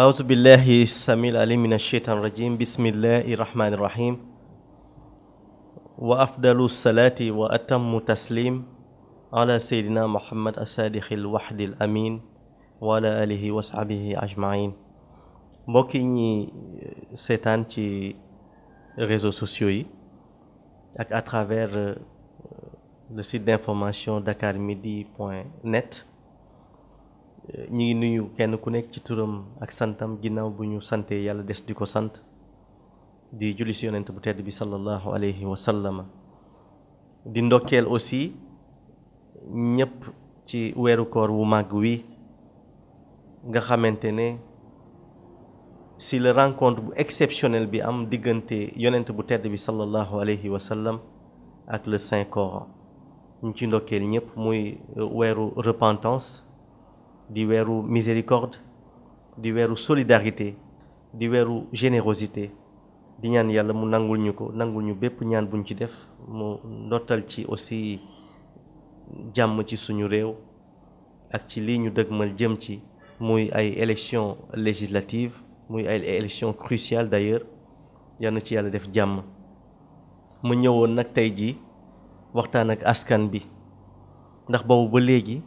أعوذ بالله السميع العليم من الشيطان الرجيم بسم الله الرحمن الرحيم وأفضل الصلاة وأتم التسليم على سيدنا محمد الصادق الوحد الأمين وعلى آله وصحبه أجمعين mbokk yi ñi seetaan ci réseaux sociaux yi ak à travers le site d'information dakarmidi point net ñi ngi nuyu kenn ku nekk ci turam ak santam ginnaaw bu ñu santee yàlla des di ko sant di julli si yonent bu tedd bi sallallahu alayhi wa sallama di ndokkeel aussi ñëpp ci weeru koor wu màgg wi nga xamante ne si la rencontre bu exceptionnel bi am diggante yonent bu tedd bi sallallahu alayhi wa ak le Saint Coran ñu ci ndokkeel ñëpp muy weeru repentance di weeru miséricorde di weeru solidarité di weeru générosité di ñaan yàlla mu nangul ñu ko nangul ñu bépp ñaan buñ ci def mu ndottal ci aussi jàmm ci suñu réew ak ci lii ñu dëgmal jëm ci muy ay élection législative muy ay élection cruciale d'ailleurs yal ci yàlla def jàmm ma ñëwoon nag tey jii waxtaan ak askan bi ndax boobu ba léegi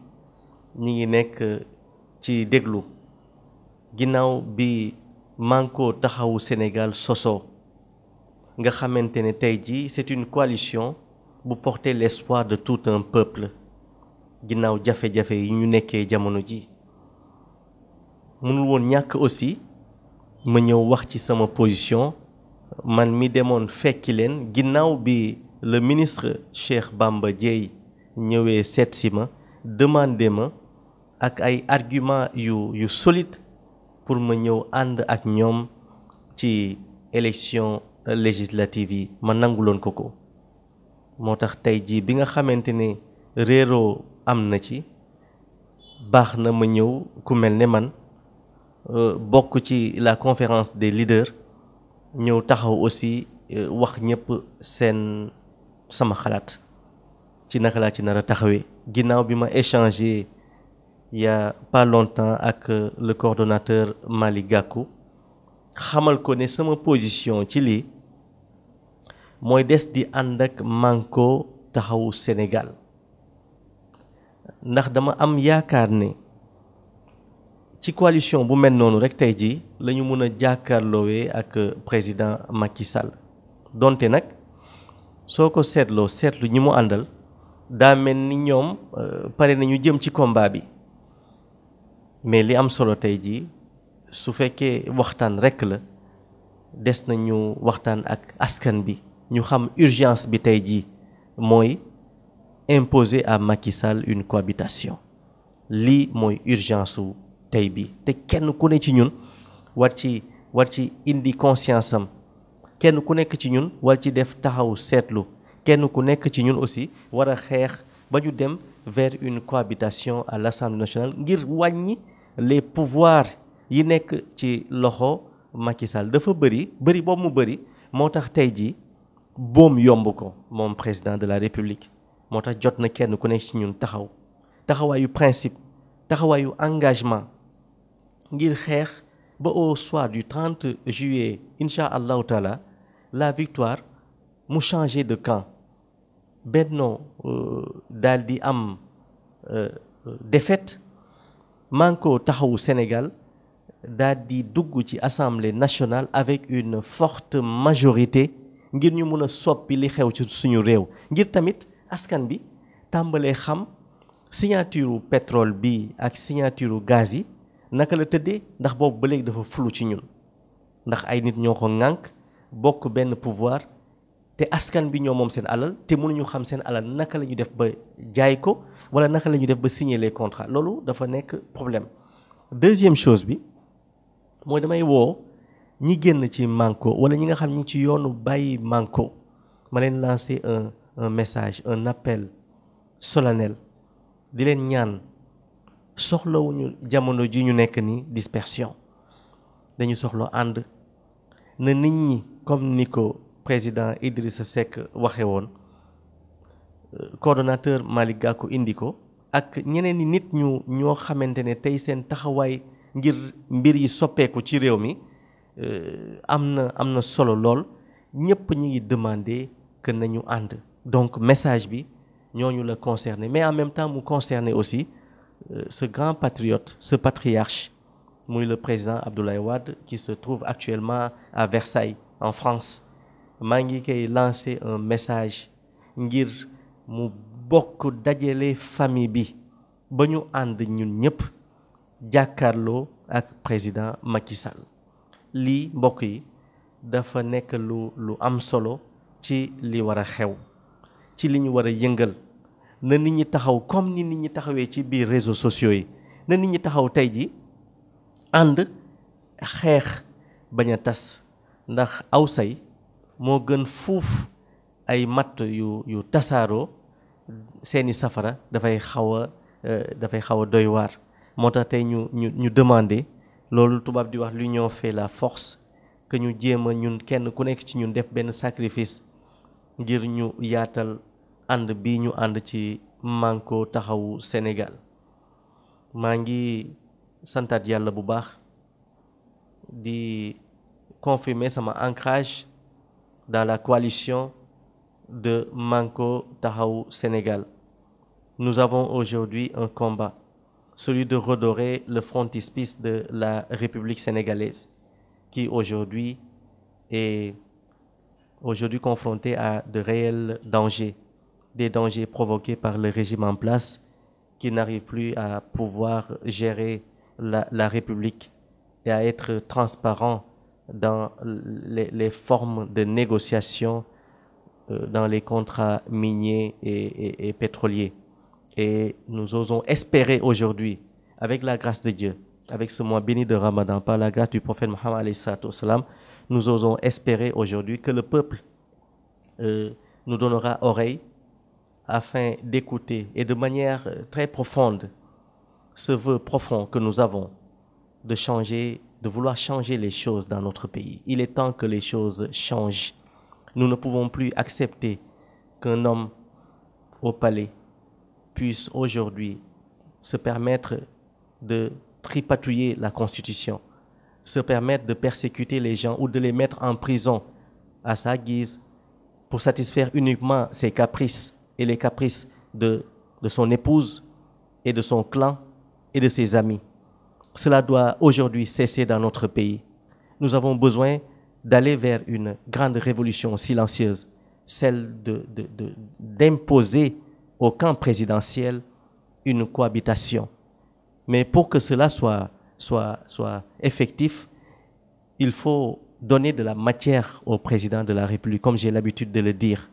ñi ngi nekk ci déglu ginnaaw bi Manko Taxawu Sénégal soso nga xamante ne tey jii c'est une coalition bu porter l'espoir de tout un peuple ginnaaw jafe-jafe yi ñu nekkee jamono ji mënul woon ñàkk aussi ma ñëw wax ci sama position man mi demoon fekki leen ginnaaw bi le ministre Cheikh Bamba Dièye ñëwee seet si ma demande ma ak ay argument yu yu solide pour ma ñëw ànd ak ñoom ci élection législative yi ma loon ko ko moo tax tey jii bi nga xamante ne réeroo am na ci baax na ma ñëw ku mel ne man euh, bokk ci la conférence des leaders ñëw taxaw aussi euh, wax ñëpp seen sama xalaat ci naka laa ci nar taxawee ginnaaw bi ma échangé il y pas longtemps ak le coordonnateur Mali gàkku xamal ko ne sama position ci lii mooy des di ànd ak Manko Taxawu senegal ndax dama am yaakaar ne ci coalition bu mel noonu rek tey jii lañu ñu mën a jàkkaarloowee ak président Macky donte nag soo ko seetloo seetlu ñi mu àndal daa mel ni ñoom euh, pare nañu jëm ci combat bi. mais li am solo tey jii su fekkee waxtaan rek la des nañu waxtaan ak askan bi ñu xam urgence bi tey jii mooy imposer à Macky Sall une cohabitation lii mooy urgence su tey bi te kenn ku ne ci ñun war ci war ci indi conscience am kenn ku nekk ci ñun war ci def taxaw seetlu kenn ku nekk ci ñun aussi war a xeex ba ñu dem vers une cohabitation à l'Assemblée nationale ngir wàññi le pouvoir yi nekk ci loxo makisal dafa bëri bëri boobu mu bëri moo tax tey jii boom yomb ko moom président de la république moo tax jot na kenn ku nekk ci ñun taxaw taxawaayu principe taxawaayu engagement ngir xeex ba au soir du 30 juillet incha allahu taala la victoire mu changer de camp Benno euh, daal di am euh, défaite Manko Taxawu Sénégal daal di dugg ci assemblée national avec une forte majorité ngir ñu mun a soppi li xew ci suñu réew ngir tamit askan bi tàmbalee xam signature petrol bi ak signature gaz yi naka la tëddee ndax boobu ba léegi dafa flou ci ñun ndax ay nit ñoo ko ŋànk bokk benn pouvoir te askan bi ñoo moom seen alal te ñu xam seen alal naka la ñu def ba jaay ko wala naka la ñu def ba signer les loolu dafa nekk problème deuxième chose bi mooy damay woo ñi génn ci manko wala ñi nga xam ñi ci yoonu bàyyi manko ma leen lancer un un message un appel solennel di leen ñaan soxlawuñu jamono ji ñu nekk ni dispersion dañu soxla ànd na nit ñi comme ni ko président Idrissa Seck waxe woon euh, coordonnateur Malick Gakou indi ko ak ñeneen i nit ñu ñoo xamante ne tey seen taxawaay ngir mbir yi soppeeku ci réew mi euh, am na am na solo lool ñëpp ñu ngi demander que nañu ànd. donc message bi ñoo ñu la concerné mais en même temps mu concerné aussi euh, ce grand patriote ce patriarche muy le président Abdoulaye Wade ki se trouve actuellement à Versailles en France. maa ngi koy lancer un message ngir mu bokk dajale famille bi ba ñu ànd ñun ñëpp jàkkaarloo ak président Macky lii mbokk yi dafa nekk lu lu am solo ci li war a xew ci li ñu war a yëngal na nit ñi taxaw comme ni nit ñi taxawee ci biir réseau sociaux yi na nit ñi taxaw tey ji ànd xeex bañ a tas ndax aw say moo gën fuuf ay matt yu yu tasaaroo seeni safara dafay xaw a euh, dafay xaw a doy moo tax tey ñu ñu ñu loolu tubaab di wax l'union fait la force que ñu jéem a ñun kenn ku nekk ci ñun def benn sacrifice ngir ñu yaatal ànd bi ñu ànd ci Manko Taxawu Sénégal maa ngi santaat yàlla bu baax di confirmer sama encage dans la coalition de Manko Tahaou Sénégal. Nous avons aujourd'hui un combat, celui de redorer le frontispice de la République sénégalaise, qui aujourd'hui est aujourd'hui confronté à de réels dangers, des dangers provoqués par le régime en place qui n'arrive plus à pouvoir gérer la, la République et à être transparent dans les, les formes de négociation euh, dans les contrats miniers et, et, et pétroliers. Et nous osons espérer aujourd'hui, avec la grâce de Dieu, avec ce mois béni de Ramadan, par la grâce du prophète Mohammed, nous osons espérer aujourd'hui que le peuple euh, nous donnera oreille afin d'écouter et de manière euh, très profonde ce vœu profond que nous avons de changer, de vouloir changer les choses dans notre pays. Il est temps que les choses changent. Nous ne pouvons plus accepter qu'un homme au palais puisse aujourd'hui se permettre de tripatouiller la Constitution, se permettre de persécuter les gens ou de les mettre en prison à sa guise pour satisfaire uniquement ses caprices et les caprices de, de son épouse et de son clan et de ses amis. Cela doit aujourd'hui cesser dans notre pays. Nous avons besoin d'aller vers une grande révolution silencieuse, celle de, de, de, d'imposer au camp présidentiel une cohabitation. Mais pour que cela soit, soit, soit effectif, il faut donner de la matière au président de la République, comme j'ai l'habitude de le dire.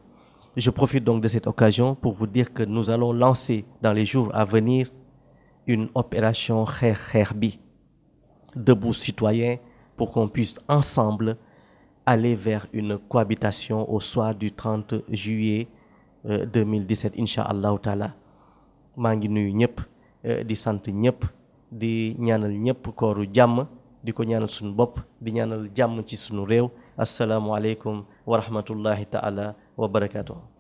Je profite donc de cette occasion pour vous dire que nous allons lancer dans les jours à venir une opération xeex xeex bi debout citoyen pour qu'on puisse ensemble aller vers une cohabitation au soir du 30 juillet 2017 incha allahu taala maa ngi nuyu ñëpp euh, di sant ñëpp di ñaanal ñëpp kooru jàmm di ko ñaanal suñu bopp di ñaanal jàmm ci suñu réew asalaamualeykum wa rahmatullahi taala wa barakaatu.